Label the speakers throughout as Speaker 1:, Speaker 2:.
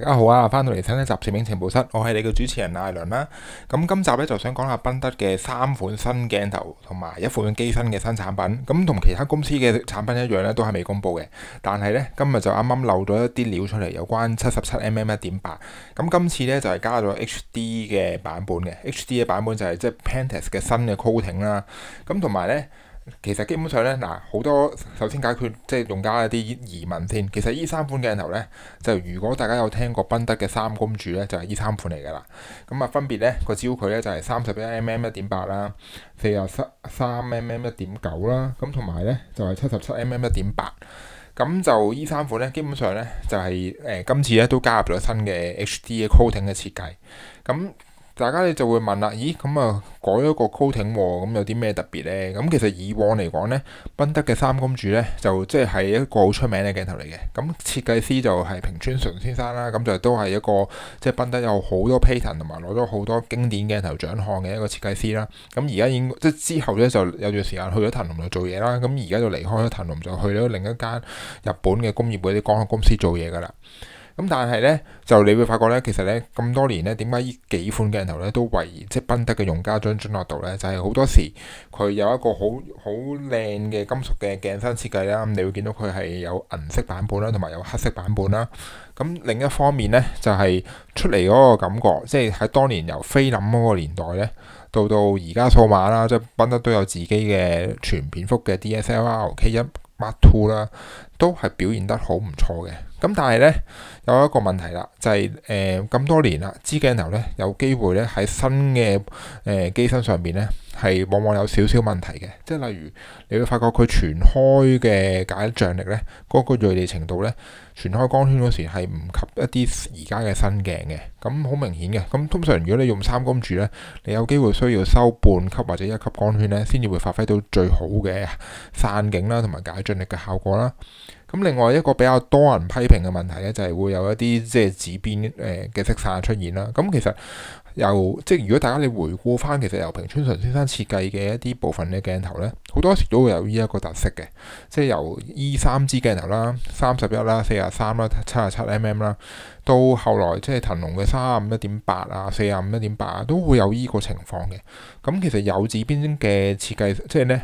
Speaker 1: 大家好啊！翻到嚟新一集攝影情報室，我係你嘅主持人艾倫啦。咁今集咧就想講下賓得嘅三款新鏡頭同埋一款機身嘅新產品。咁同其他公司嘅產品一樣咧，都係未公布嘅。但係咧今日就啱啱漏咗一啲料出嚟，有關七十七 mm 一點八。咁今次咧就係加咗 HD 嘅版本嘅，HD 嘅版本就係即係 Pentax 嘅新嘅 coating 啦。咁同埋咧。其實基本上咧，嗱，好多首先解決，即係用家一啲疑問先。其實依三款鏡頭咧，就如果大家有聽過賓得嘅三公主咧，就係、是、依三款嚟噶啦。咁啊分別咧，個焦距咧就係三十一 mm 一點八啦，四十三 mm 一點九啦，咁同埋咧就係七十七 mm 一點八。咁就依三款咧，基本上咧就係、是、誒、呃、今次咧都加入咗新嘅 HD coating 嘅設計。咁大家咧就會問啦，咦咁啊改咗個 coating 喎，咁有啲咩特別呢？咁其實以往嚟講呢，賓德嘅三公主呢，就即係一個好出名嘅鏡頭嚟嘅。咁設計師就係平川純先生啦，咁就都係一個即係賓德有好多 patent 同埋攞咗好多經典鏡頭獎項嘅一個設計師啦。咁而家已經即係之後呢，就有段時間去咗騰龍度做嘢啦，咁而家就離開咗騰龍，就去咗另一間日本嘅工業嗰啲光學公司做嘢噶啦。咁但係咧，就你會發覺咧，其實咧咁多年咧，點解呢幾款鏡頭咧都為即係賓得嘅用家將準落度咧，就係、是、好多時佢有一個好好靚嘅金屬嘅鏡身設計啦。咁你會見到佢係有銀色版本啦，同埋有，有黑色版本啦。咁另一方面咧，就係、是、出嚟嗰個感覺，即係喺當年由菲林嗰個年代咧，到到而家數碼啦，即係賓得都有自己嘅全片幅嘅 DSLR K 一、Mark two 啦，都係表現得好唔錯嘅。咁但係咧有一個問題啦，就係誒咁多年啦，支鏡頭咧有機會咧喺新嘅誒、呃、機身上邊咧，係往往有少少問題嘅。即係例如，你會發覺佢全開嘅解像力咧，嗰、那個鋭利程度咧，全開光圈嗰時係唔及一啲而家嘅新鏡嘅。咁好明顯嘅。咁通常如果你用三公主咧，你有機會需要收半級或者一級光圈咧，先至會發揮到最好嘅散景啦，同埋解像力嘅效果啦。咁另外一個比較多人批評嘅問題咧，就係、是、會有一啲即係紫邊誒嘅色散出現啦。咁、嗯、其實由即係如果大家你回顧返，其實由平川純先生設計嘅一啲部分嘅鏡頭咧，好多時都，、e 31, 43, mm, 8, 8, 都會有呢一個特色嘅，即係由呢三支鏡頭啦、三十一啦、四十三啦、七十七 mm 啦，到後來即係騰龍嘅三十五一點八啊、四十五一點八啊，都會有呢個情況嘅。咁、嗯、其實有紫邊嘅設計，即係咧。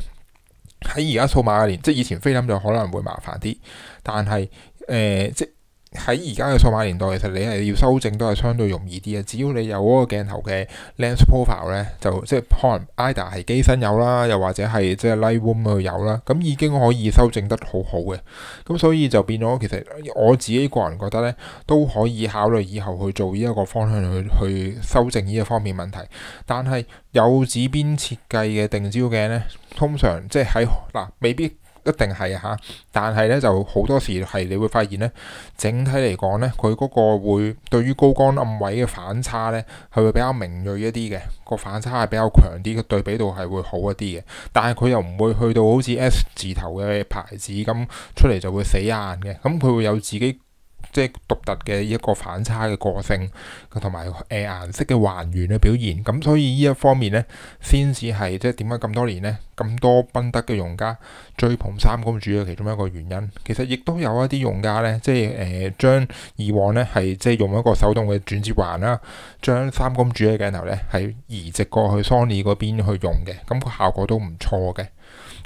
Speaker 1: 喺而家數碼嘅年，即係以前菲林就可能會麻煩啲，但係誒、呃、即。喺而家嘅數碼年代，其實你係要修正都係相對容易啲嘅。只要你有嗰個鏡頭嘅 lens profile 咧，就即係可能 either 係機身有啦，又或者係即係 Lightroom 嗰度有啦，咁已經可以修正得好好嘅。咁所以就變咗，其實我自己個人覺得咧，都可以考慮以後去做呢一個方向去去修正呢一方面問題。但係有紫邊設計嘅定焦鏡咧，通常即係喺嗱未必。一定係嚇，但係咧就好多時係，你會發現咧，整體嚟講咧，佢嗰個會對於高光暗位嘅反差咧，係會比較明鋭一啲嘅，個反差係比較強啲嘅，對比度係會好一啲嘅，但係佢又唔會去到好似 S 字頭嘅牌子咁出嚟就會死硬嘅，咁佢會有自己。即係獨特嘅一個反差嘅個性，同埋誒顏色嘅還原嘅表現，咁所以呢一方面咧，先至係即係點解咁多年咧，咁多賓得嘅用家追捧三公主嘅其中一個原因。其實亦都有一啲用家咧，即係誒將以往咧係即係用一個手動嘅轉接環啦，將三公主嘅鏡頭咧係移植過去 Sony 嗰邊去用嘅，咁個效果都唔錯嘅。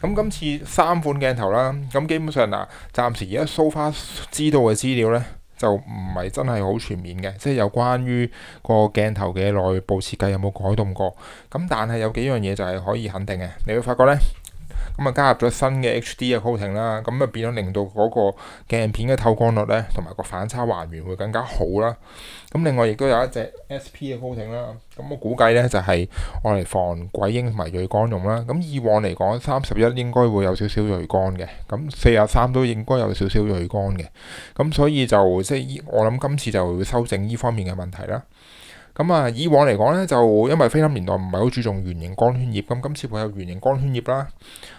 Speaker 1: 咁今次三款鏡頭啦，咁基本上嗱，暫時而家 so far 知道嘅資料呢，就唔係真係好全面嘅，即係有關於個鏡頭嘅內部設計有冇改動過。咁但係有幾樣嘢就係可以肯定嘅，你會發覺呢。咁啊，加入咗新嘅 H D 嘅 coating 啦，咁啊變咗令到嗰個鏡片嘅透光率咧，同埋個反差還原會更加好啦。咁另外亦都有一隻 S P 嘅 coating 啦，咁我估計咧，就係我嚟防鬼影同埋銳光用啦。咁以往嚟講，三十一應該會有少少銳光嘅，咁四十三都應該有少少銳光嘅。咁所以就即係我諗今次就會修正呢方面嘅問題啦。咁啊，以往嚟講咧，就因為菲林年代唔係好注重圓形光圈葉，咁今次會有圓形光圈葉啦，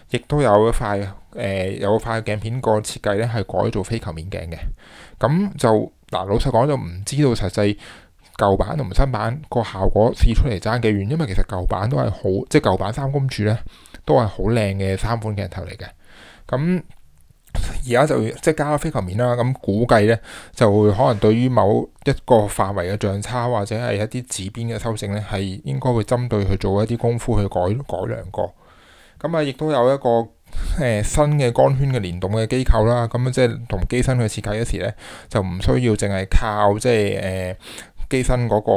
Speaker 1: 亦都有一塊誒、呃，有塊鏡片個設計咧係改做非球面鏡嘅。咁就嗱、啊，老實講就唔知道實際舊版同埋新版個效果試出嚟爭幾遠，因為其實舊版都係好，即係舊版三公主咧都係好靚嘅三款鏡頭嚟嘅。咁而家就即係加咗非球面啦，咁估計咧就會可能對於某一個範圍嘅像差或者係一啲紫邊嘅修正咧，係應該會針對去做一啲功夫去改改良過。咁啊，亦都有一個誒、呃、新嘅光圈嘅連動嘅機構啦，咁啊即係同機身去設計嗰時咧，就唔需要淨係靠即係誒、呃、機身嗰、那個、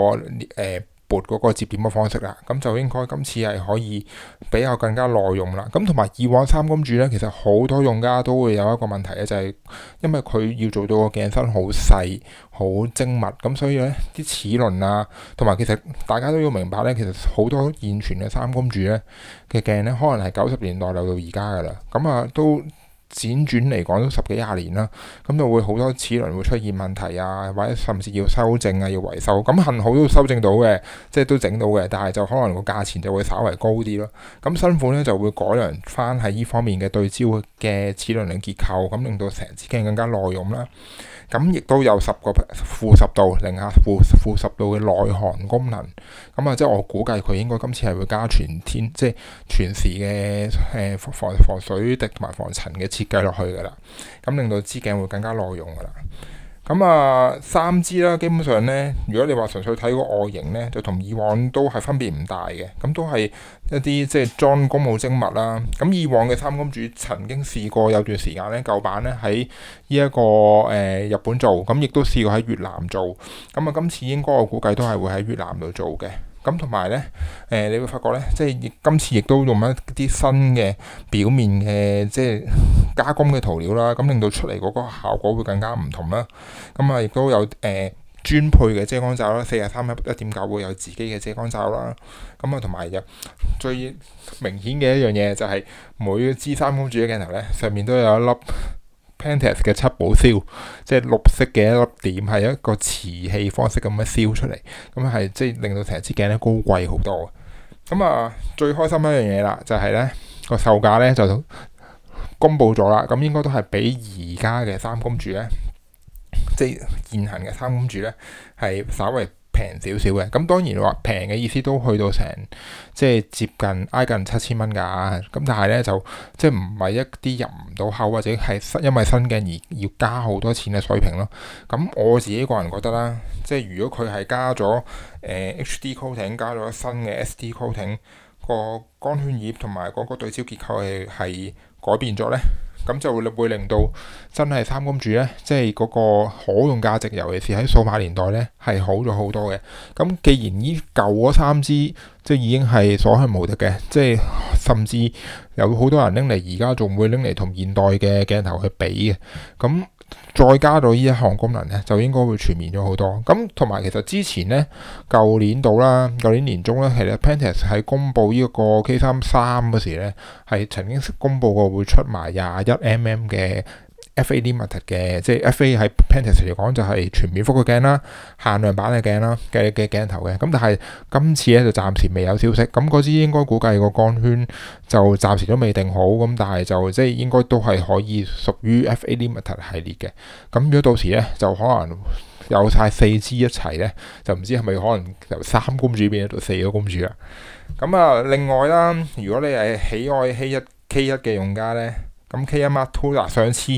Speaker 1: 呃撥嗰個接點嘅方式啦，咁就應該今次係可以比較更加耐用啦。咁同埋以往三公主呢，其實好多用家都會有一個問題咧，就係、是、因為佢要做到個鏡身好細、好精密，咁所以呢啲齒輪啊，同埋其實大家都要明白呢，其實好多現存嘅三公主呢，嘅鏡呢可能係九十年代留到而家噶啦，咁啊都，輾轉嚟講都十幾廿年啦，咁就會好多齒輪會出現問題啊，或者甚至要修正啊，要維修。咁幸好都修正到嘅，即係都整到嘅，但係就可能個價錢就會稍微高啲咯。咁新款咧就會改良翻喺呢方面嘅對焦嘅齒輪嘅結構，咁令到成支鏡更加耐用啦。咁亦都有十個負十度，零下負負十度嘅耐寒功能。咁啊，即係我估計佢應該今次係會加全天即係全時嘅誒防防水滴同埋防塵嘅設計落去㗎喇。咁令到支鏡會更加耐用㗎喇。咁啊，三支啦，基本上咧，如果你話純粹睇個外形咧，就同以往都係分別唔大嘅，咁都係一啲即係裝公務精密啦。咁以往嘅三公主曾經試過有段時間咧，舊版咧喺呢一個誒日本做，咁亦都試過喺越南做，咁啊，今次應該我估計都係會喺越南度做嘅。咁同埋咧，誒、呃，你會發覺咧，即係今次亦都用一啲新嘅表面嘅即係加工嘅塗料啦，咁、嗯、令到出嚟嗰個效果會更加唔同啦。咁、嗯、啊，亦都有誒、呃、專配嘅遮光罩啦，四廿三一一點九會有自己嘅遮光罩啦。咁、嗯、啊，同埋又最明顯嘅一樣嘢就係每支三公主嘅鏡頭咧，上面都有一粒。p a n t e r s 嘅七寶燒，即係綠色嘅一粒點，係一個瓷器方式咁樣燒出嚟，咁係即係令到成支鏡咧高貴好多。咁啊，最開心一樣嘢啦，就係咧，個售價咧就公佈咗啦，咁應該都係比而家嘅三公主咧，即係現行嘅三公主咧係稍微平少少嘅，咁當然話平嘅意思都去到成即係接近挨近七千蚊㗎。咁但係咧就即係唔係一啲入唔到口或者係因為新鏡而要加好多錢嘅水平咯。咁我自己個人覺得啦，即係如果佢係加咗誒、呃、HD coating，加咗新嘅 SD coating 個光圈葉同埋嗰個對焦結構係係改變咗咧。咁就會會令到真係三公主咧，即係嗰個可用價值，尤其是喺數碼年代咧，係好咗好多嘅。咁既然依舊嗰三支即係已經係所向無敵嘅，即係甚至有好多人拎嚟，而家仲會拎嚟同現代嘅鏡頭去比嘅，咁。再加到呢一項功能咧，就應該會全面咗好多。咁同埋其實之前咧，舊年度啦，舊年年中咧，其實 Pentax 喺公佈呢一個 K 三三嗰時咧，係曾經公佈過會出埋廿一 mm 嘅。FA Limited 嘅，即係 FA 喺 Pentax 嚟講就係全面覆嘅鏡啦，限量版嘅鏡啦，嘅嘅鏡頭嘅。咁但係今次咧就暫時未有消息。咁嗰支應該估計個光圈就暫時都未定好。咁但係就即係應該都係可以屬於 FA Limited 系列嘅。咁如果到時咧就可能有晒四支一齊咧，就唔知係咪可能由三公主變咗到四個公主啦。咁啊，另外啦，如果你係喜愛 K 一 K 一嘅用家咧。咁 K 一 Mark Two 啊，上次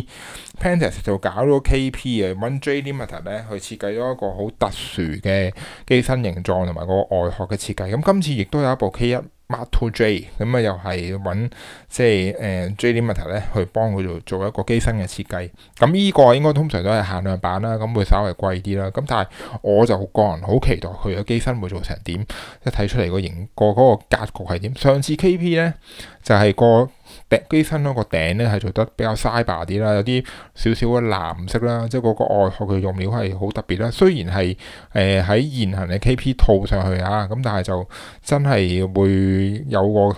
Speaker 1: Pentax 就搞咗 K P 嘅 One J Limited 咧，去設計咗一個好特殊嘅機身形狀同埋個外殼嘅設計，咁、啊、今次亦都有一部 K 一 Mark to、呃、J 咁啊，又係揾即係誒 J 啲 material 咧，去幫佢做做一個機身嘅設計。咁呢個應該通常都係限量版啦，咁會稍微貴啲啦。咁但係我就個人好期待佢嘅機身會做成點，一睇出嚟個型個嗰個格局係點。上次 KP 咧就係、是、個錘機身嗰個頂咧係做得比較較 Cyber 啲啦，有啲少少嘅藍色啦，即係嗰個外殼嘅用料係好特別啦。雖然係誒喺現行嘅 KP 套上去啊，咁但係就真係會。有個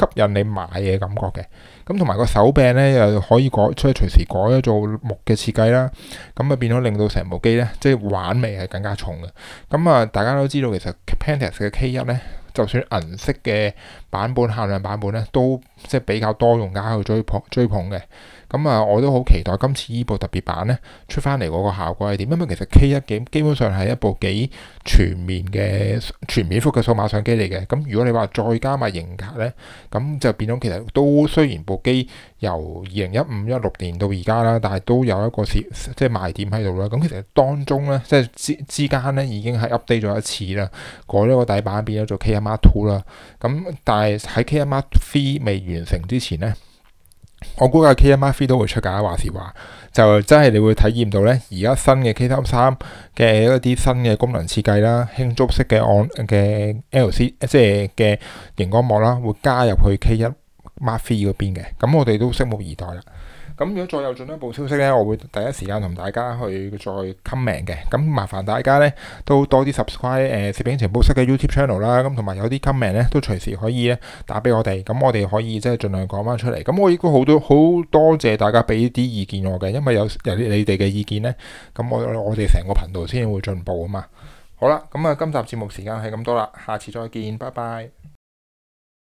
Speaker 1: 吸引你買嘅感覺嘅，咁同埋個手柄咧又可以改，即係隨時改咗做木嘅設計啦，咁啊變咗令到成部機咧，即係玩味係更加重嘅。咁啊，大家都知道其實 Pentax 嘅 K1 咧，就算銀色嘅版本限量版本咧，都即係比較多用家去追捧追捧嘅。咁啊，我都好期待今次呢部特別版咧出翻嚟嗰個效果係點？因為其實 K 一幾，基本上係一部幾全面嘅全面幅嘅數碼相機嚟嘅。咁如果你話再加埋型格咧，咁就變咗其實都雖然部機由二零一五一六年到而家啦，但係都有一個即係賣點喺度啦。咁其實當中咧，即係之之間咧已經係 update 咗一次啦，改咗個底板變咗做 K 一 Mark Two 啦。咁但但係喺 K1 Mark III 未完成之前咧，我估計 K1 Mark III 都會出價，話時話就真係你會體驗到咧，而家新嘅 K 三三嘅一啲新嘅功能設計啦，輕觸式嘅按嘅 L C 即係嘅熒光幕啦，會加入去 K1 Mark III 嗰邊嘅，咁我哋都拭目以待啦。咁如果再有進一步消息咧，我會第一時間同大家去再 comment 嘅。咁麻煩大家咧，都多啲 subscribe 誒、呃、攝影情報室嘅 YouTube channel 啦。咁同埋有啲 comment 咧，都隨時可以咧打俾我哋。咁我哋可以即係盡量講翻出嚟。咁我亦都好多好多謝大家俾啲意見我嘅，因為有有啲你哋嘅意見咧，咁我我哋成個頻道先會進步啊嘛。好啦，咁啊，今集節目時間係咁多啦，下次再見，拜拜。